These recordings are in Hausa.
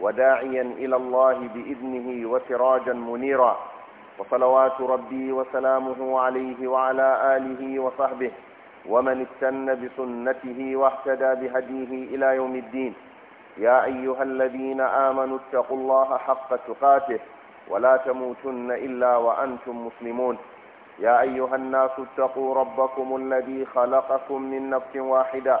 وداعيا إلى الله بإذنه وسراجا منيرا وصلوات ربي وسلامه عليه وعلى آله وصحبه ومن استن بسنته واهتدى بهديه إلى يوم الدين يا أيها الذين آمنوا اتقوا الله حق تقاته ولا تموتن إلا وأنتم مسلمون يا أيها الناس اتقوا ربكم الذي خلقكم من نفس واحدة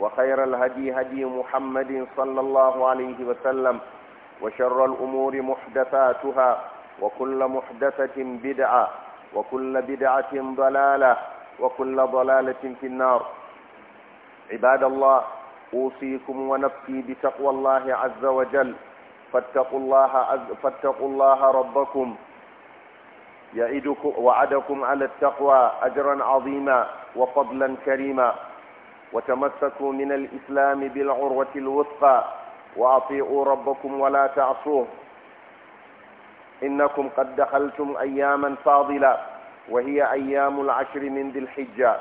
وخير الهدي هدي محمد صلى الله عليه وسلم وشر الأمور محدثاتها وكل محدثة بدعة وكل بدعة ضلالة وكل ضلالة في النار عباد الله أوصيكم ونفسي بتقوى الله عز وجل فاتقوا الله, عز فاتقوا الله ربكم يعدكم وعدكم على التقوى أجرا عظيما وفضلا كريما وتمسكوا من الإسلام بالعروة الوثقى وأطيعوا ربكم ولا تعصوه إنكم قد دخلتم أياما فاضلة وهي أيام العشر من ذي الحجة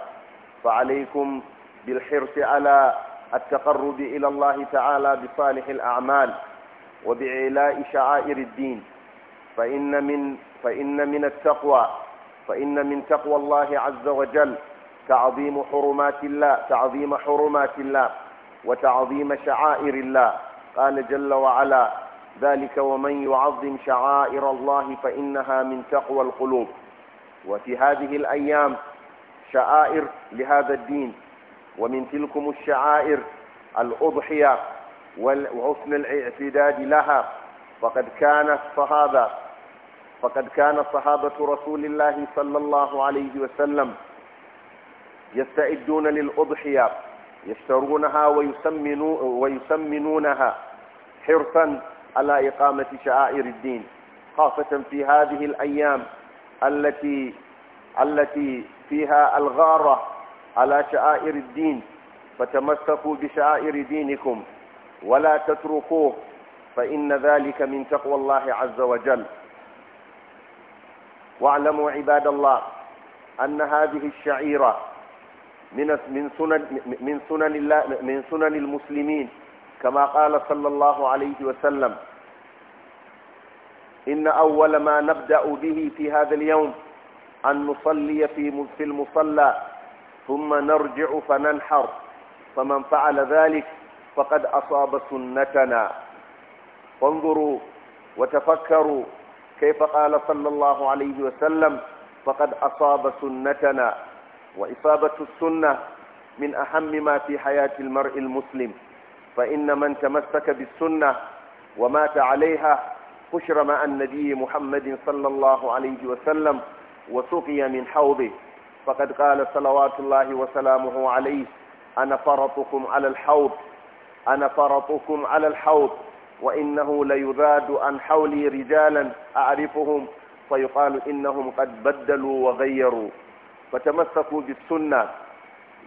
فعليكم بالحرص على التقرب إلى الله تعالى بصالح الأعمال وبعلاء شعائر الدين فإن من, فإن من التقوى فإن من تقوى الله عز وجل تعظيم حرمات الله تعظيم حرمات الله وتعظيم شعائر الله قال جل وعلا ذلك ومن يعظم شعائر الله فإنها من تقوى القلوب وفي هذه الأيام شعائر لهذا الدين ومن تلكم الشعائر الأضحية وحسن الاعتداد لها فقد كان الصحابة فقد كان صحابة رسول الله صلى الله عليه وسلم يستعدون للأضحية يشترونها ويسمنونها حرصا على إقامة شعائر الدين خاصة في هذه الأيام التي التي فيها الغارة على شعائر الدين فتمسكوا بشعائر دينكم ولا تتركوه فإن ذلك من تقوى الله عز وجل واعلموا عباد الله أن هذه الشعيرة من من سنن من سنن الله من سنن المسلمين كما قال صلى الله عليه وسلم إن أول ما نبدأ به في هذا اليوم أن نصلي في في المصلى ثم نرجع فننحر فمن فعل ذلك فقد أصاب سنتنا فانظروا وتفكروا كيف قال صلى الله عليه وسلم فقد أصاب سنتنا وإصابة السنة من أهم ما في حياة المرء المسلم فإن من تمسك بالسنة ومات عليها حشر مع النبي محمد صلى الله عليه وسلم وسقي من حوضه فقد قال صلوات الله وسلامه عليه أنا فرطكم على الحوض أنا فرطكم على الحوض وإنه ليذاد عن حولي رجالا أعرفهم فيقال إنهم قد بدلوا وغيروا فتمسكوا بالسنة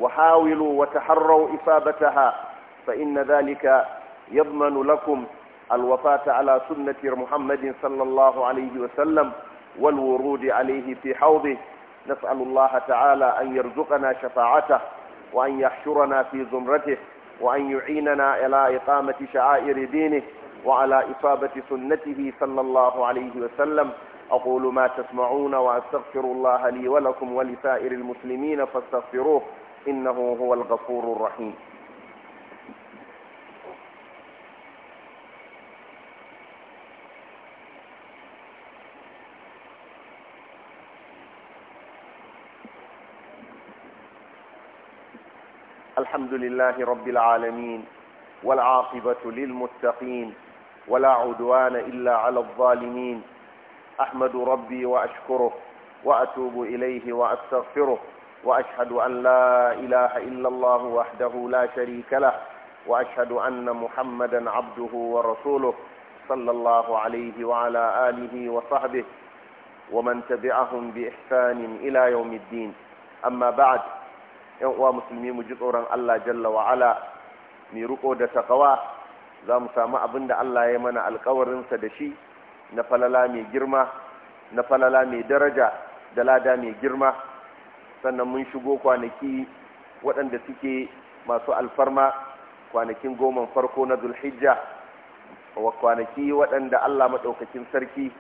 وحاولوا وتحروا إصابتها فإن ذلك يضمن لكم الوفاة على سنة محمد صلى الله عليه وسلم والورود عليه في حوضه نسأل الله تعالى أن يرزقنا شفاعته وأن يحشرنا في زمرته وأن يعيننا إلى إقامة شعائر دينه وعلى إصابة سنته صلى الله عليه وسلم أقول ما تسمعون وأستغفر الله لي ولكم ولسائر المسلمين فاستغفروه إنه هو الغفور الرحيم الحمد لله رب العالمين والعاقبة للمتقين ولا عدوان إلا على الظالمين أحمد ربي وأشكره وأتوب إليه وأستغفره وأشهد أن لا إله إلا الله وحده لا شريك له وأشهد أن محمدا عبده ورسوله صلى الله عليه وعلى آله وصحبه ومن تبعهم بإحسان إلى يوم الدين أما بعد يوم مسلمين مجدورا الله جل وعلا من رقود za زام سامع بند الله يمنع ya سدشي na falala mai girma na falala mai daraja da lada mai girma sannan mun shigo kwanaki waɗanda suke masu alfarma kwanakin goman farko na zulhijja wa kwanaki waɗanda allah maɗaukakin sarki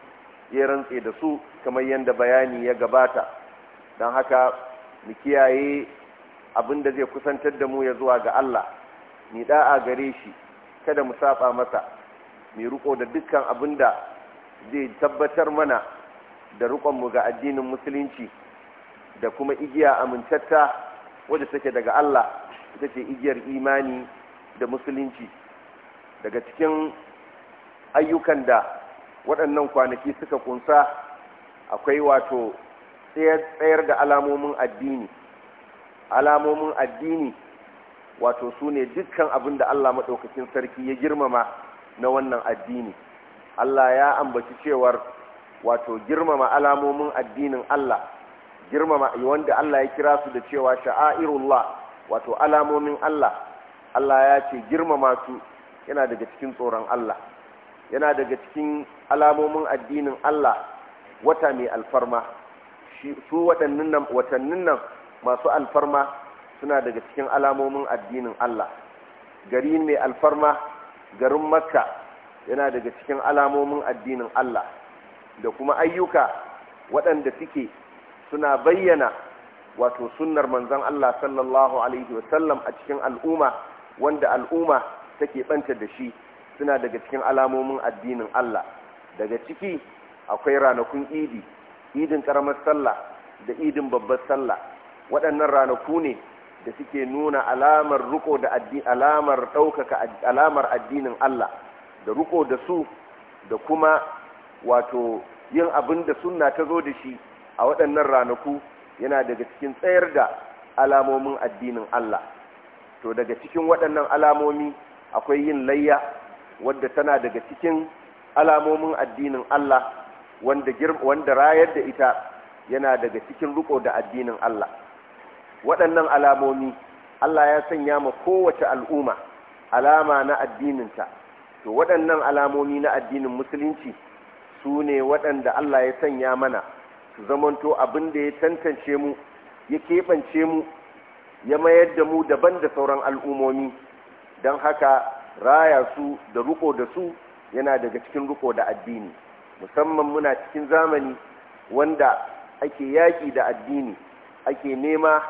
ya rantse da su kamar yadda bayani ya gabata don haka mu kiyaye abin da zai kusantar da mu ya zuwa ga allah ni da'a gare shi kada mu saba masa mai ruko da dukkan abin da zai tabbatar mana da mu ga addinin musulunci da kuma igiya amintatta wadda take daga Allah ita ce igiyar imani da musulunci daga cikin ayyukan da waɗannan kwanaki suka kunsa akwai wato tsayar da alamomin addini alamomin addini wato su ne dukkan abin da Allah maɗaukakin sarki ya girmama na wannan addini Allah ya ambaci cewar wato girmama alamomin addinin Allah girmama wanda Allah ya kira su da cewa sha'airullah wato alamomin Allah Allah ya ce girmama su yana daga cikin tsoron Allah yana daga cikin alamomin addinin Allah wata mai alfarma su watannin nan masu alfarma suna daga cikin alamomin addinin Allah gari mai alfarma garin Makka yana daga cikin alamomin addinin Allah da kuma ayyuka waɗanda suke suna bayyana wato sunnar manzan Allah sallallahu alaihi wasallam a cikin al'umma wanda al'umma take ɓanta da shi suna daga cikin alamomin addinin Allah daga ciki akwai ranakun idi idin ƙaramar sallah da idin babbar sallah waɗannan ranaku ne da suke nuna alamar ruko da alamar ɗaukaka alamar addinin Allah da riko da su da kuma wato yin abin da sunna ta zo da shi a waɗannan ranaku yana daga cikin tsayar da alamomin addinin Allah to daga cikin waɗannan alamomi akwai yin layya wadda tana daga cikin alamomin addinin Allah wanda wanda rayar da ita yana daga cikin riko da addinin Allah waɗannan alamomi Allah ya sanya ma kowace al'umma alama na addininta to waɗannan alamomi na addinin musulunci su ne waɗanda Allah ya sanya mana su zamanto abin da ya tantance mu ya keɓance mu ya mayar da mu daban da sauran al'umomi don haka raya su da ruko da su yana daga cikin ruko da addini musamman muna cikin zamani wanda ake yaƙi da addini ake nema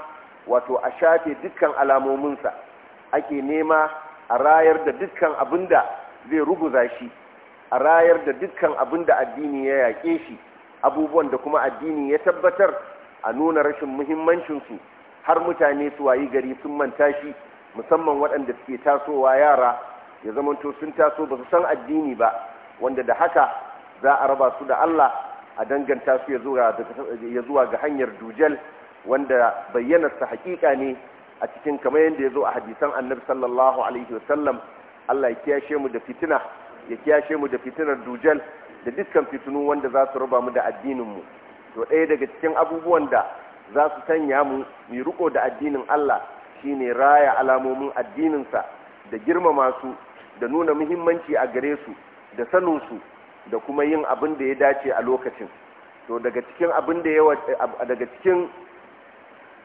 wato a shafe dukkan alamominsa ake nema a rayar da dukkan abin da. zai ruguza shi a rayar da dukkan abin da addini ya yaƙe shi abubuwan da kuma addini ya tabbatar a nuna rashin muhimmancinsu har mutane su wayi gari sun manta shi musamman waɗanda suke tasowa yara ya zamanto sun taso ba su san addini ba wanda da haka za a raba su da Allah a danganta su ya zuwa ga hanyar dujal wanda bayyanarsa haƙiƙa ne a cikin kamar yadda ya zo a hadisan annabi sallallahu alaihi wasallam Allah ya kiyashe mu da fitina ya kiyashe mu da fitinar dujal da dukkan fitinu wanda za su raba mu da addinin mu to ɗaya daga cikin abubuwan da za su sanya mu mu riko da addinin Allah shine raya alamomin addinin sa da girmama su da nuna muhimmanci a gare su da sanin su da kuma yin abin da ya dace a lokacin to daga cikin abin da yawa daga cikin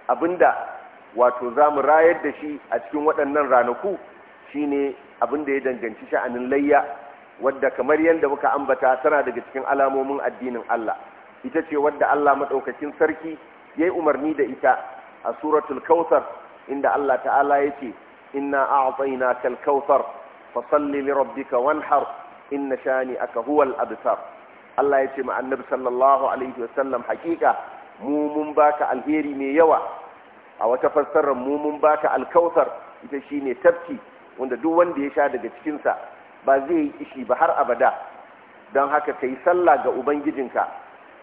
abin wato za mu rayar da shi a cikin waɗannan ranaku shine abin da ya danganci sha'anin layya wadda kamar yadda muka ambata tana daga cikin alamomin addinin Allah ita ce wadda Allah madaukakin sarki yayi umarni da ita a suratul kautsar inda Allah ta'ala yace inna a'tainaka al-kautsar fasalli li rabbika wanhar inna shani'aka huwal abtar Allah yace ma annabi sallallahu alaihi wasallam hakika mu mun baka alheri mai yawa a wata fassarar mu mun baka al-kautsar ita shine tafki wanda duk wanda ya sha daga cikinsa ba zai yi kishi ba har abada don haka ka yi sallah ga ubangijinka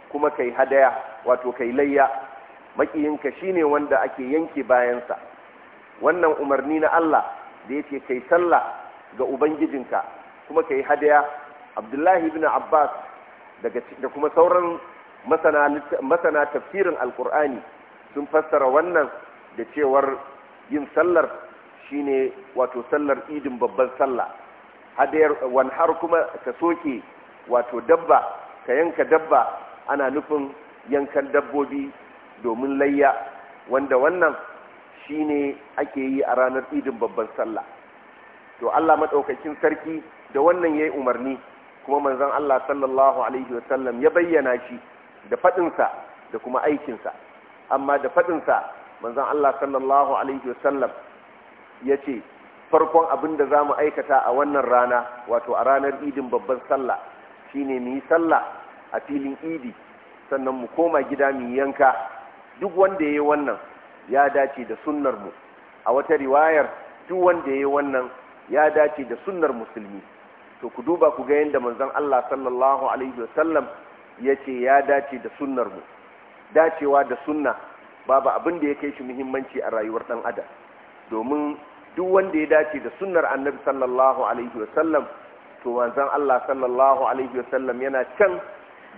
kuma ka yi hadaya wato ka yi layya maƙiyinka shi wanda ake yanke bayansa wannan umarni na allah da ya ce ka sallah ga ubangijinka kuma ka yi hadaya abdullahi ibn abbas da kuma sauran masana tafsirin alkur'ani sun fassara wannan da cewar yin sallar shine wato sallar idin babban sallah hadayar har kuma ka soke wato dabba ka yanka dabba ana nufin yankan dabbobi domin layya wanda wannan shine ake yi a ranar idin babban sallah to Allah madaukakin sarki da wannan yayi umarni kuma manzon Allah sallallahu alaihi wasallam ya bayyana shi da faɗinsa da kuma aikinsa amma da faɗinsa manzon Allah sallallahu alaihi wasallam ya ce farkon abin da za mu aikata a wannan rana wato a ranar idin babban sallah shine mu yi sallah a filin idi sannan mu koma gida mu yanka duk wanda ya yi wannan ya dace da sunnar mu a wata riwayar duk wanda ya yi wannan ya dace da sunnar musulmi to ku duba ku ga yadda manzon Allah sallallahu alaihi wasallam ya ce ya dace da sunnar mu dacewa da sunna babu abin da ya kai shi muhimmanci a rayuwar dan adam domin duk wanda ya dace da sunnar annabi sallallahu alaihi wasallam to wanzan Allah sallallahu alaihi wasallam yana can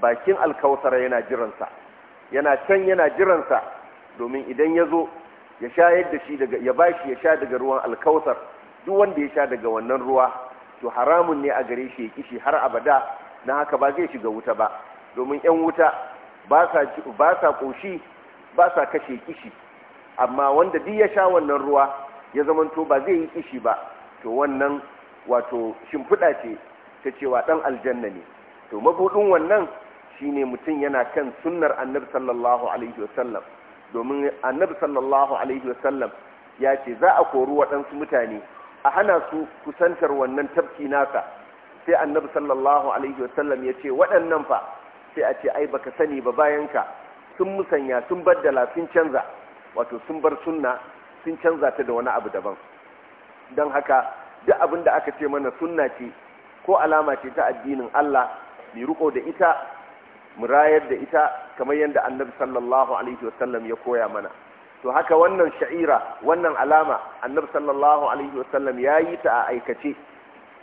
bakin alkawtara yana jiransa yana can yana jiransa domin idan ya zo ya shayar da shi daga ya bashi ya sha daga ruwan alkawtar duk wanda ya sha daga wannan ruwa to haramun ne a gare shi ya kishi har abada na haka ba zai shiga wuta ba domin yan wuta ba sa koshi ba sa kashe kishi amma wanda duk ya sha wannan ruwa ya zamanto ba zai yi ishi ba to wannan wato shimfiɗa ce ta cewa ɗan aljanna ne to mabuɗin wannan shine mutum yana kan sunnar annabi sallallahu alaihi wasallam domin annabi sallallahu alaihi wasallam ya ce za a kori waɗansu mutane a hana su kusantar wannan tafki nasa sai annabi sallallahu alaihi wasallam ya ce waɗannan fa sai a ce ai baka sani ba bayanka sun musanya sun baddala sun canza wato sun bar sunna sun canza ta da wani abu daban don haka duk abin da aka ce mana sunna ce ko alama ce ta addinin Allah mai riko da ita murayar da ita kamar yadda annabi sallallahu alaihi wasallam ya koya mana to haka wannan sha'ira wannan alama annabi sallallahu alaihi wasallam ya yi ta a aikace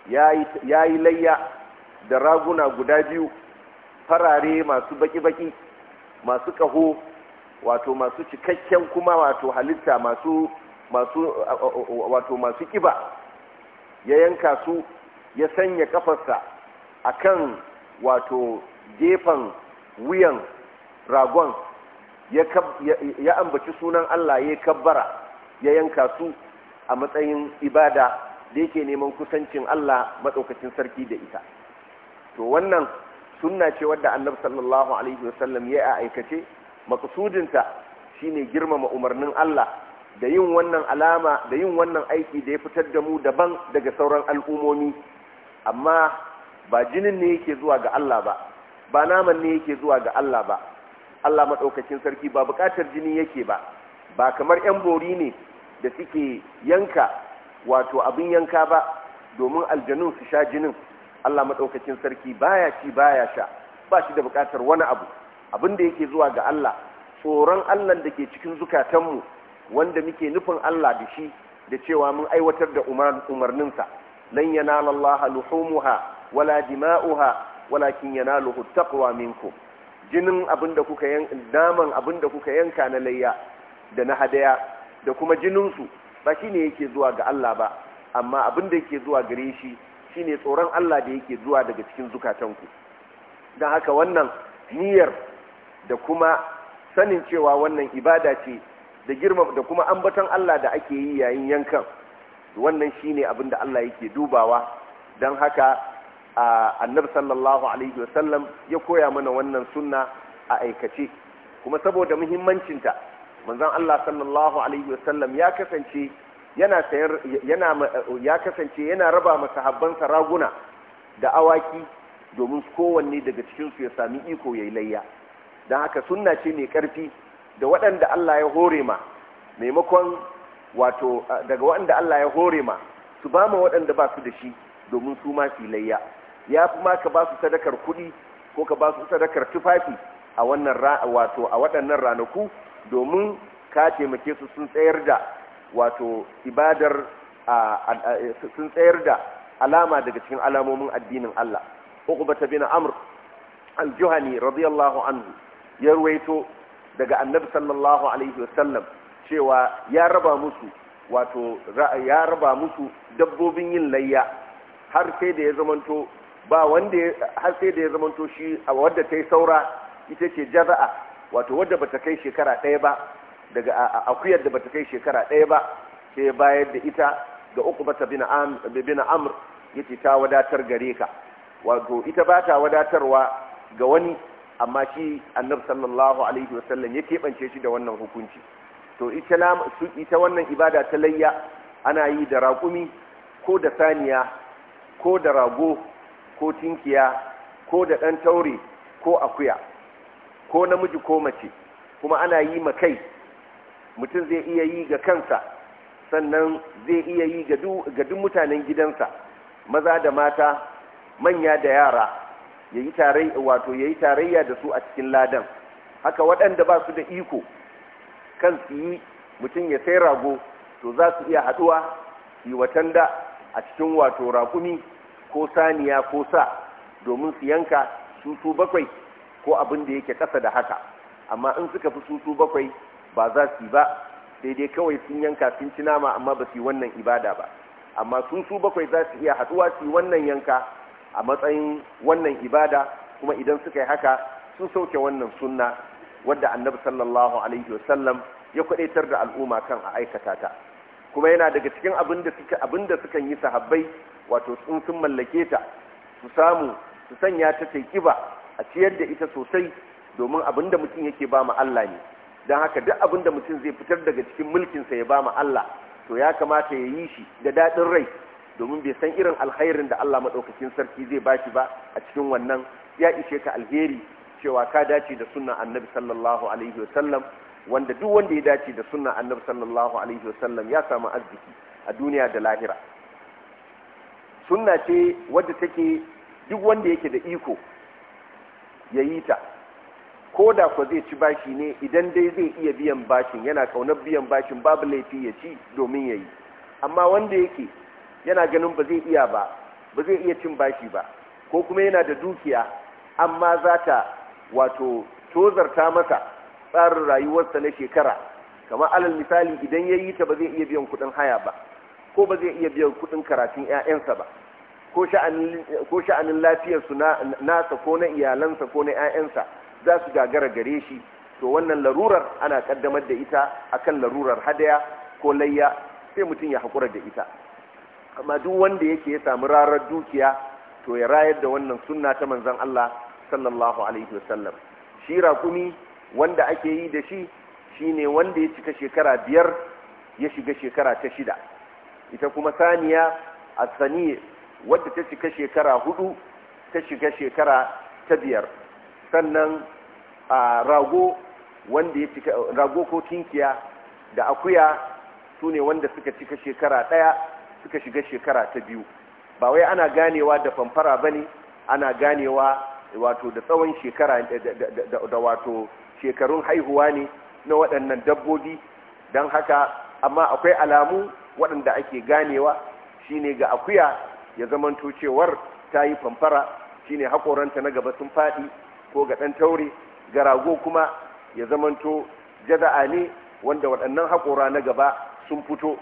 ya yi layya da raguna guda biyu farare masu baki-baki masu ƙaho wato masu cikakken kuma wato halitta masu wato masu kiba ya yanka su ya sanya kafarsa kan wato gefen wuyan ragon ya ambaci sunan Allah ya kabbara ya yanka su a matsayin ibada da yake neman kusancin Allah maɗaukacin sarki da ita to wannan sunna ce wadda annabi sallallahu alaihi wasallam ya aikace shi shine girmama umarnin Allah da yin wannan alama da yin wannan aiki da ya fitar da mu daban daga sauran al'umomi amma ba jinin ne yake zuwa ga Allah ba ba naman ne yake zuwa ga Allah ba Allah maɗaukacin sarki ba buƙatar jini yake ba ba kamar 'yan bori ne da suke yanka wato abin yanka ba domin aljanun su sha jinin Allah maɗaukakin sarki baya ci baya sha ba shi da buƙatar wani abu abin da yake zuwa ga Allah tsoron Allah da ke cikin zukatanmu wanda muke nufin Allah da shi da cewa mun aiwatar da umarninsa lan lallaha luhumuha wala dima'uha walakin yanaluhu taqwa minkum jinin abinda kuka yanka daman da kuka yanka na layya da na hadaya da kuma jininsu su ba shine yake zuwa ga Allah ba amma abinda yake zuwa gare shi shine tsoron Allah da yake zuwa daga cikin zukatanku dan haka wannan niyyar da kuma sanin cewa wannan ibada ce da girma da kuma ambaton Allah da ake yi yayin yankan wannan shine abin da Allah yake dubawa don haka annabi sallallahu alaihi wasallam ya koya mana wannan sunna a aikace kuma saboda muhimmancinta manzon Allah sallallahu alaihi wasallam ya kasance yana sayar yana ya kasance yana raba masahabbansa raguna da awaki domin kowanne daga cikinsu ya sami iko yayi layya don haka sunna ce mai karfi da waɗanda Allah ya hore ma maimakon wato daga waɗanda Allah ya hore ma su ba ma waɗanda ba su da shi domin su ma filayya ya fi ma ka ba su sadakar kuɗi ko ka ba su sadakar tufafi a wannan wato a waɗannan ranaku domin ka taimake su sun tsayar da wato ibadar sun tsayar da alama daga cikin alamomin addinin Allah uqbata bin amr al-juhani radiyallahu anhu ya ruwaito daga annabi sallallahu alaihi wasallam cewa ya raba musu wato ya raba musu dabbobin yin layya har sai da ya zamanto ba wanda har sai da ya zamanto shi a wadda ta yi saura ita ce jaza'a wato wadda bata kai shekara ɗaya ba daga akuyar da bata kai shekara ɗaya ba sai bayar da ita ga uku bin bin amr yake ta wadatar gare ka wato ita ba ta wadatarwa ga wani amma shi annabi sallallahu alaihi wasallam ya keɓance shi da wannan hukunci to ita wannan ibada ta layya ana yi da raƙumi ko da saniya ko da rago ko tinkiya ko da ɗan taure ko akuya ko namiji ko mace kuma ana yi ma kai mutum zai iya yi ga kansa sannan zai iya yi ga duk mutanen gidansa maza da mata manya da yara yayi tarayya wato yayi tarayya da su a cikin ladan haka waɗanda ba su da iko kan su yi mutum ya sai rago to za su iya haɗuwa yi watanda a cikin wato raƙumi ko saniya ko sa domin su yanka susu bakwai ko abin da yake ƙasa da haka amma in suka fi susu bakwai ba za su yi ba sai dai kawai sun yanka sun ci nama amma ba su yi wannan ibada ba amma susu bakwai za su iya haɗuwa su yi wannan yanka a matsayin wannan ibada kuma idan suka yi haka sun sauke wannan sunna wadda annabi sallallahu alaihi wasallam ya kwadaitar da al'umma kan a aikata ta kuma yana daga cikin abin da suka abin suka yi sahabbai wato sun sun mallake ta su samu su sanya ta ta kiba a ciyar da ita sosai domin abinda mutum yake ba mu Allah ne don haka duk abinda mutum zai fitar daga cikin sa ya ba mu Allah to ya kamata ya yi shi da daɗin rai domin bai san irin alkhairin da Allah maɗaukakin sarki zai shi ba a cikin wannan ya ishe ka alheri cewa ka dace da sunna annabi sallallahu alaihi sallam wanda duk wanda ya dace da sunna annabi sallallahu alaihi sallam ya samu arziki a duniya da lahira sunna ce wadda take duk wanda yake da iko ya yi ta ko da ko zai ci bashi ne idan dai zai iya biyan bashin yana kaunar biyan bashin babu laifi ya ci domin ya yi amma wanda yake yana ganin ba zai iya ba ba zai iya cin bashi ba ko kuma yana da dukiya amma za ta wato tozarta masa tsarin rayuwarsa na shekara kamar alal misali idan ya yi ta ba zai iya biyan kudin haya ba ko ba zai iya biyan kudin karatun 'ya'yansa ba ko sha'anin lafiyarsu nasa ko na iyalansa ko na 'ya'yansa za su gagara gare shi to wannan larurar ana kaddamar da ita akan larurar hadaya ko layya sai mutum ya haƙura da ita amma duk wanda yake ya samu rarar dukiya to ya rayar da wannan sunna ta manzon Allah sallallahu alaihi wasallam shi rakumi wanda ake yi da shi shine wanda ya cika shekara biyar ya shiga shekara ta shida ita kuma saniya a wadda ta cika shekara hudu ta shiga shekara ta biyar sannan a rago wanda ya cika rago ko tinkiya da akuya su ne wanda suka cika shekara ɗaya suka shiga shekara ta biyu ba wai ana ganewa da famfara ba ne ana ganewa wato da tsawon shekara da wato shekarun haihuwa ne na waɗannan dabbobi don haka amma akwai alamu waɗanda ake ganewa shine ga akuya ya zamanto cewar ta yi famfara shine haƙoranta na gaba sun faɗi ko ga ɗan taure ga rago kuma ya zamanto jada'a ne wanda waɗannan haƙora na gaba sun fito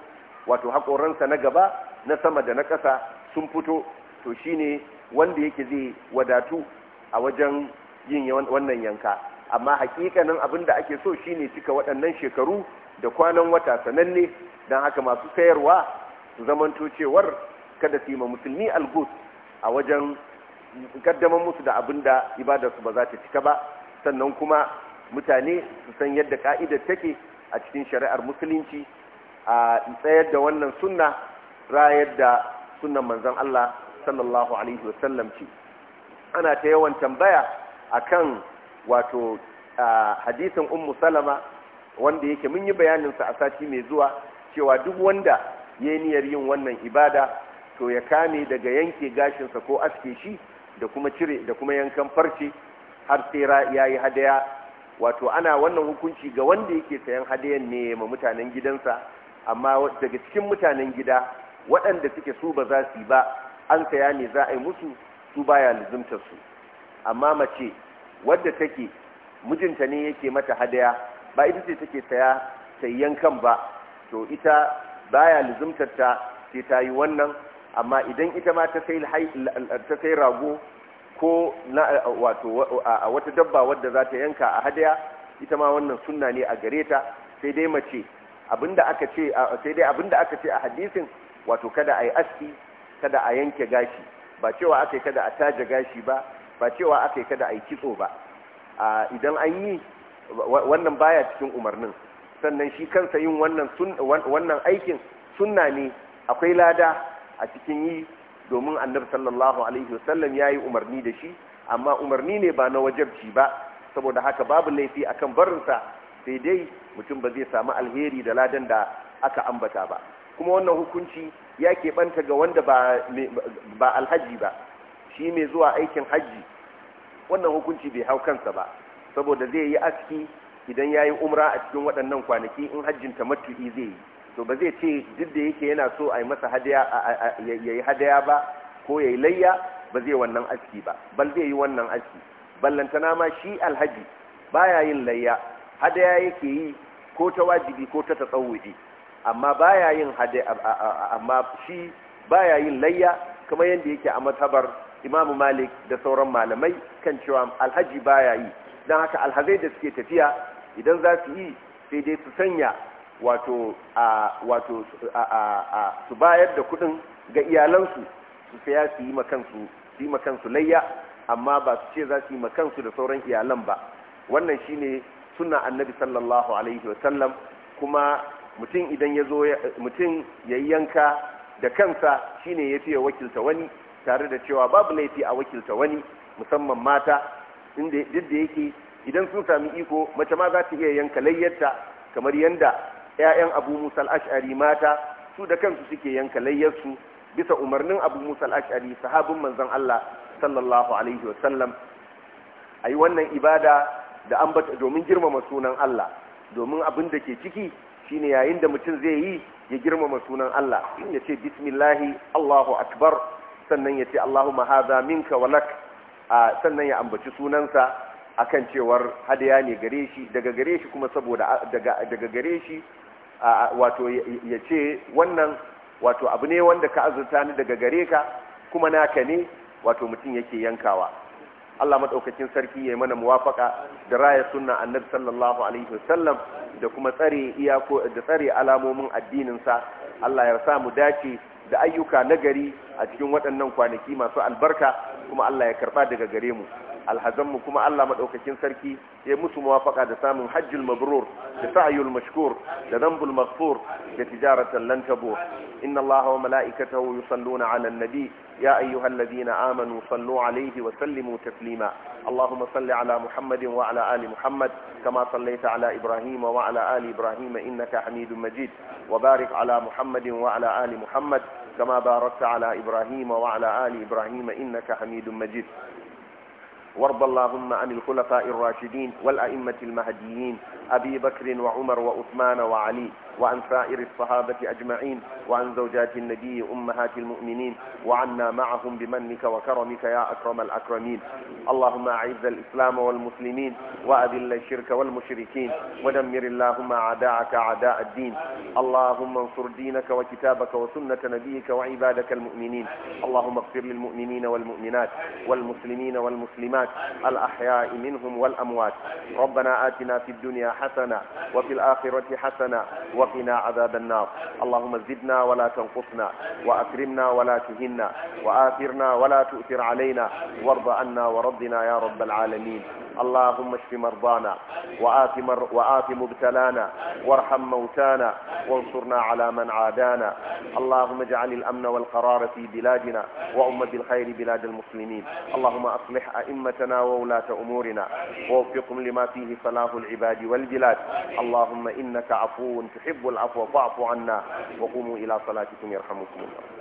wato haƙoransa na gaba na sama da na ƙasa sun fito to shine wanda yake zai wadatu a wajen yin wannan yanka amma hakikanin abin da ake so shine cika waɗannan shekaru da kwanan wata sananne don haka masu sayarwa su zamanto cewar kada su yi ma musulmi algus a wajen kaddamar musu da abin da ibadarsu ba za ta cika ba sannan kuma mutane su san yadda ka'idar take a cikin shari'ar musulunci a tsayar da wannan sunna rayar da sunnan manzon Allah sallallahu alaihi wasallam ce ana ta yawan tambaya akan wato hadisin ummu salama wanda yake mun yi bayanin sa a sati mai zuwa cewa duk wanda yayi niyyar yin wannan ibada to ya kame daga yanke gashinsa ko aske shi da kuma cire da kuma yankan farce har sai ya yi hadaya wato ana wannan hukunci ga wanda yake sayan hadayan ne ma mutanen gidansa amma daga cikin mutanen gida waɗanda suke su ba za su yi ba an saya ne za a yi musu su baya luzumtar su amma mace wadda take mijinta ne yake mata hadaya ba ita ce take saya sayyan yankan ba to ita baya luzumtar ta sai ta yi wannan amma idan ita ma ta sai rago ko a wata dabba wadda za ta yanka a hadaya ita ma wannan sunna ne a gare ta sai dai mace abinda aka ce sai dai abinda aka ce a hadisin wato kada a yi aski kada a yanke gashi ba cewa aka yi kada a taje gashi ba ba cewa aka yi kada a yi kitso ba idan an yi wannan baya cikin umarnin sannan shi kansa yin wannan aikin sunna ne akwai lada a cikin yi domin annabi sallallahu alaihi wasallam ya yi umarni da shi amma umarni ne ba na wajabci ba saboda haka babu laifi akan barinsa sai dai mutum ba zai samu alheri da ladan da aka ambata ba kuma wannan hukunci ya keɓanta ga wanda ba alhaji ba shi mai zuwa aikin hajji wannan hukunci bai hau kansa ba saboda zai yi aski idan ya yi umra a cikin waɗannan kwanaki in hajjin ta matu'i zai yi to ba zai ce duk da yake yana so a yi masa hadaya hadaya ba ko ya yi layya ba zai wannan aski ba bal zai yi wannan aski ballantana ma shi alhaji baya yin layya hadaya yake yi ko ta wajibi ko ta tasawudi amma baya yin amma shi baya yin layya kamar yadda yake a matabar imamu malik da sauran malamai kan cewa alhaji baya yi don haka alhazai da suke tafiya idan za su yi sai dai su sanya wato a wato a su bayar da kudin ga iyalansu su saya su yi makansu su yi makansu layya amma ba su ce za su yi kansu da sauran iyalan ba wannan shine suna annabi sallallahu alaihi wasallam kuma mutum idan ya zo mutum ya yanka da kansa shi ne ya fiye wakilta wani tare da cewa babu laifi a wakilta wani musamman mata duk da yake idan sun sami iko mace ma za ta iya yanka layyarta kamar yadda 'ya'yan abu musal ash'ari mata su da kansu suke yanka layyarsu bisa umarnin abu musal ash'ari sahabin manzan allah sallallahu alaihi wasallam a yi wannan ibada da ambata domin girmama sunan Allah domin abin da ke ciki shine yayin da mutum zai yi ya girmama sunan Allah in ya ce bismillahi Allahu akbar sannan ya ce Allahumma hadha minka walak sannan ya ambaci sunansa akan cewar hadaya ne gare shi daga gare shi kuma saboda daga daga gare shi wato ya ce wannan wato abu ne wanda ka azurta ni daga gare ka kuma naka ne wato mutum yake yankawa Allah maɗaukacin sarki ya yi mana muwafaka da raya sunna annabi sallallahu alaihi wasallam da kuma tsare iyako da tsare alamomin addininsa Allah ya sa mu dace da ayyuka nagari a cikin waɗannan kwanaki masu albarka kuma Allah ya karɓa daga gare mu alhazanmu kuma Allah madaukakin sarki ya musu muwafaka da samun hajjul mabrur da sa'yul mashkur da dambul maghfur da tijaratan lan tabur inna Allaha wa mala'ikatahu yusalluna 'alan nabi ya ayyuhalladhina amanu sallu 'alayhi wa sallimu taslima اللهم صل على محمد وعلى آل محمد كما صليت على إبراهيم وعلى آل إبراهيم إنك حميد مجيد وبارك على محمد وعلى آل محمد كما باركت على إبراهيم وعلى آل إبراهيم إنك حميد مجيد وارض اللهم عن الخلفاء الراشدين والأئمة المهديين أبي بكر وعمر وعثمان وعلي وعن سائر الصحابة أجمعين وعن زوجات النبي أمهات المؤمنين وعنا معهم بمنك وكرمك يا أكرم الأكرمين اللهم أعز الإسلام والمسلمين وأذل الشرك والمشركين ودمر اللهم أعداءك أعداء الدين اللهم انصر دينك وكتابك وسنة نبيك وعبادك المؤمنين اللهم اغفر للمؤمنين والمؤمنات والمسلمين والمسلمات الأحياء منهم والأموات ربنا آتنا في الدنيا حسنة وفي الآخرة حسنة وقنا عذاب النار اللهم زدنا ولا تنقصنا وأكرمنا ولا تهنا وآثرنا ولا تؤثر علينا وارض عنا وردنا يا رب العالمين اللهم اشف مرضانا وآت, مر وآت مبتلانا وارحم موتانا وانصرنا على من عادانا اللهم اجعل الأمن والقرار في بلادنا وأمة الخير بلاد المسلمين اللهم أصلح أئمتنا وولاة أمورنا ووفقهم لما فيه صلاح العباد والبلاد اللهم إنك عفو تحب العفو فاعف عنا وقوموا إلى صلاتكم يرحمكم الله